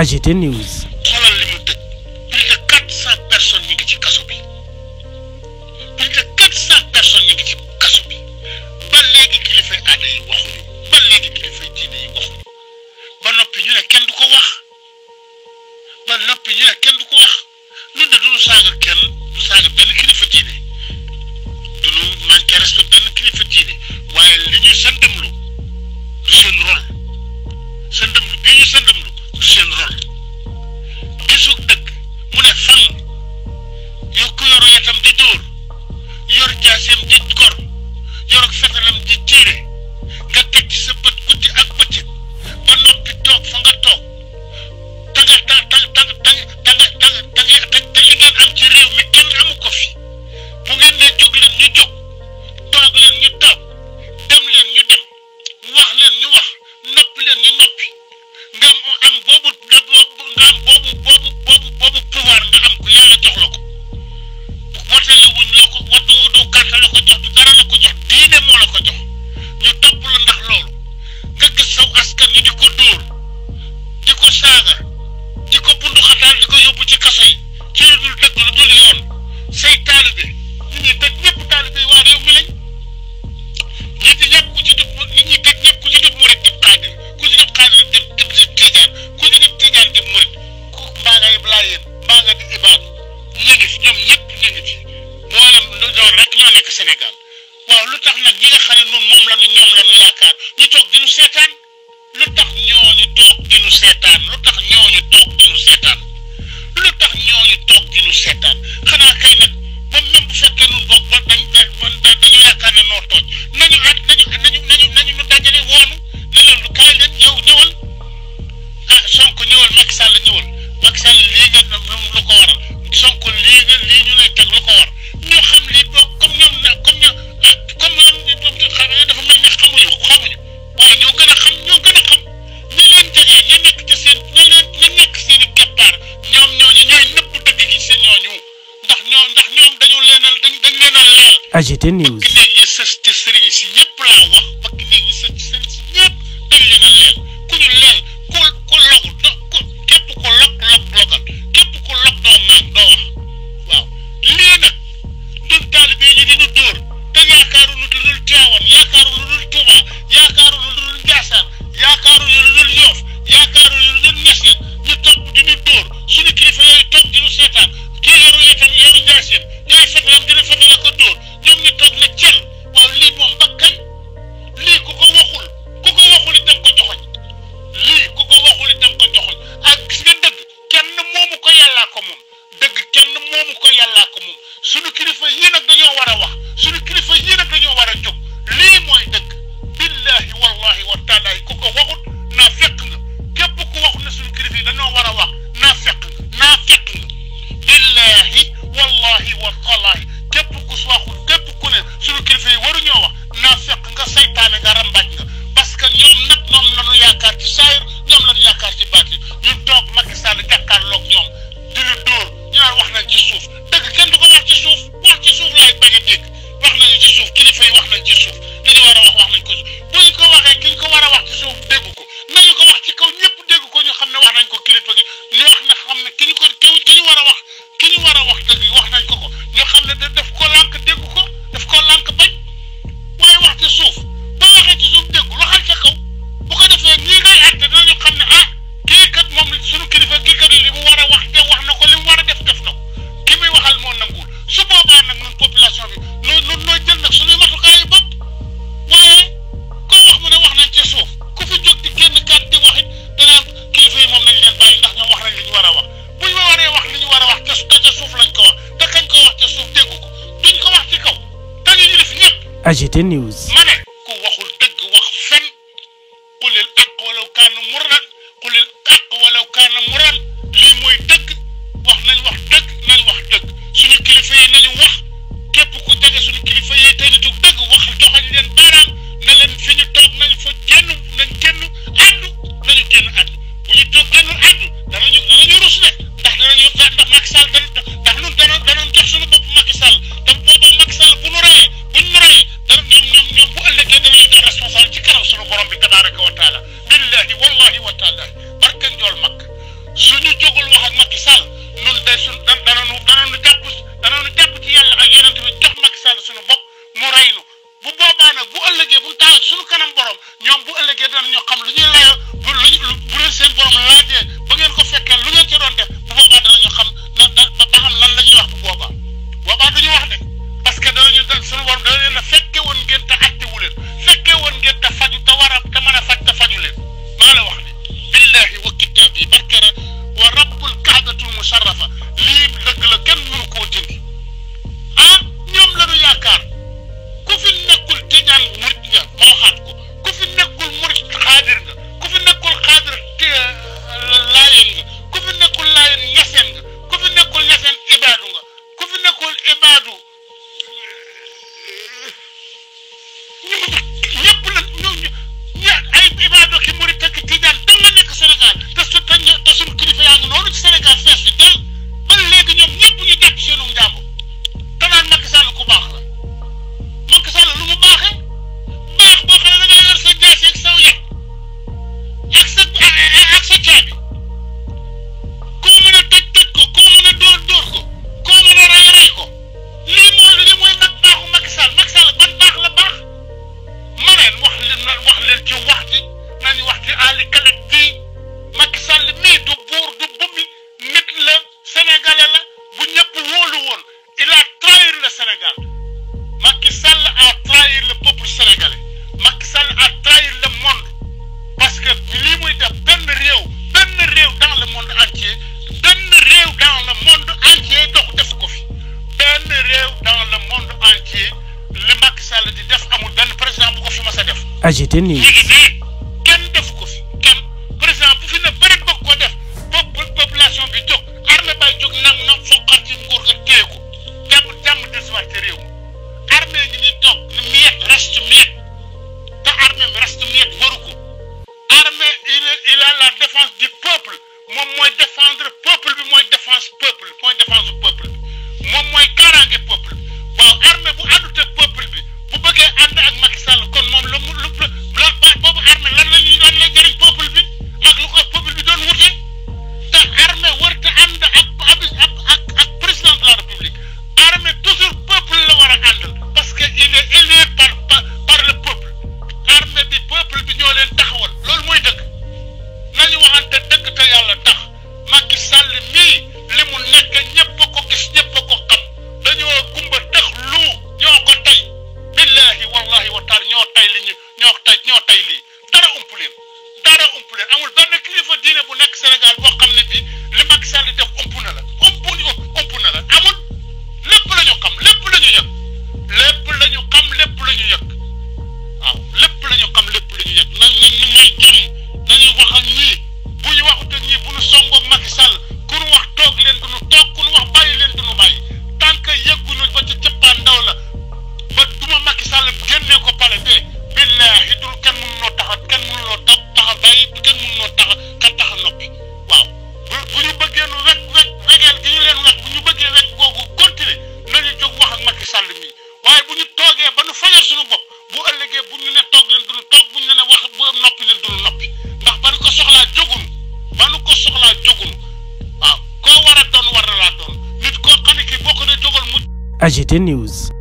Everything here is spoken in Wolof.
AGT News. xoolal li ñu tëj plus de quatre cent personnes ñu ngi ci kaso bi plus de quatre cent personnes ñu ngi ci kaso bi ba léegi kilifa aada waxuñu ba léegi kilifa diine yi waxuñu ba noppi ñu ne kenn du ko wax ba noppi ñu ne kenn du ko wax ñun de duñu saaga kenn Sénégal waaw lu tax nag ñi nga xam ne noonu moom la ñu ñoom la ñu yaakaar ñu toog di ñu seetaan AGT News AGT News j'étais né. ñu fajal suñu bopp bu ëllëgee bu ñu ne toog leen duñu toog bu ñu ne wax bu noppi leen duñu noppi ndax ba nu ko soxlaa jógun ba nu ko soxlaa jógun waaw koo war a doon war na laa doon nit koo ko ne kii ko ne jógal mu AGT News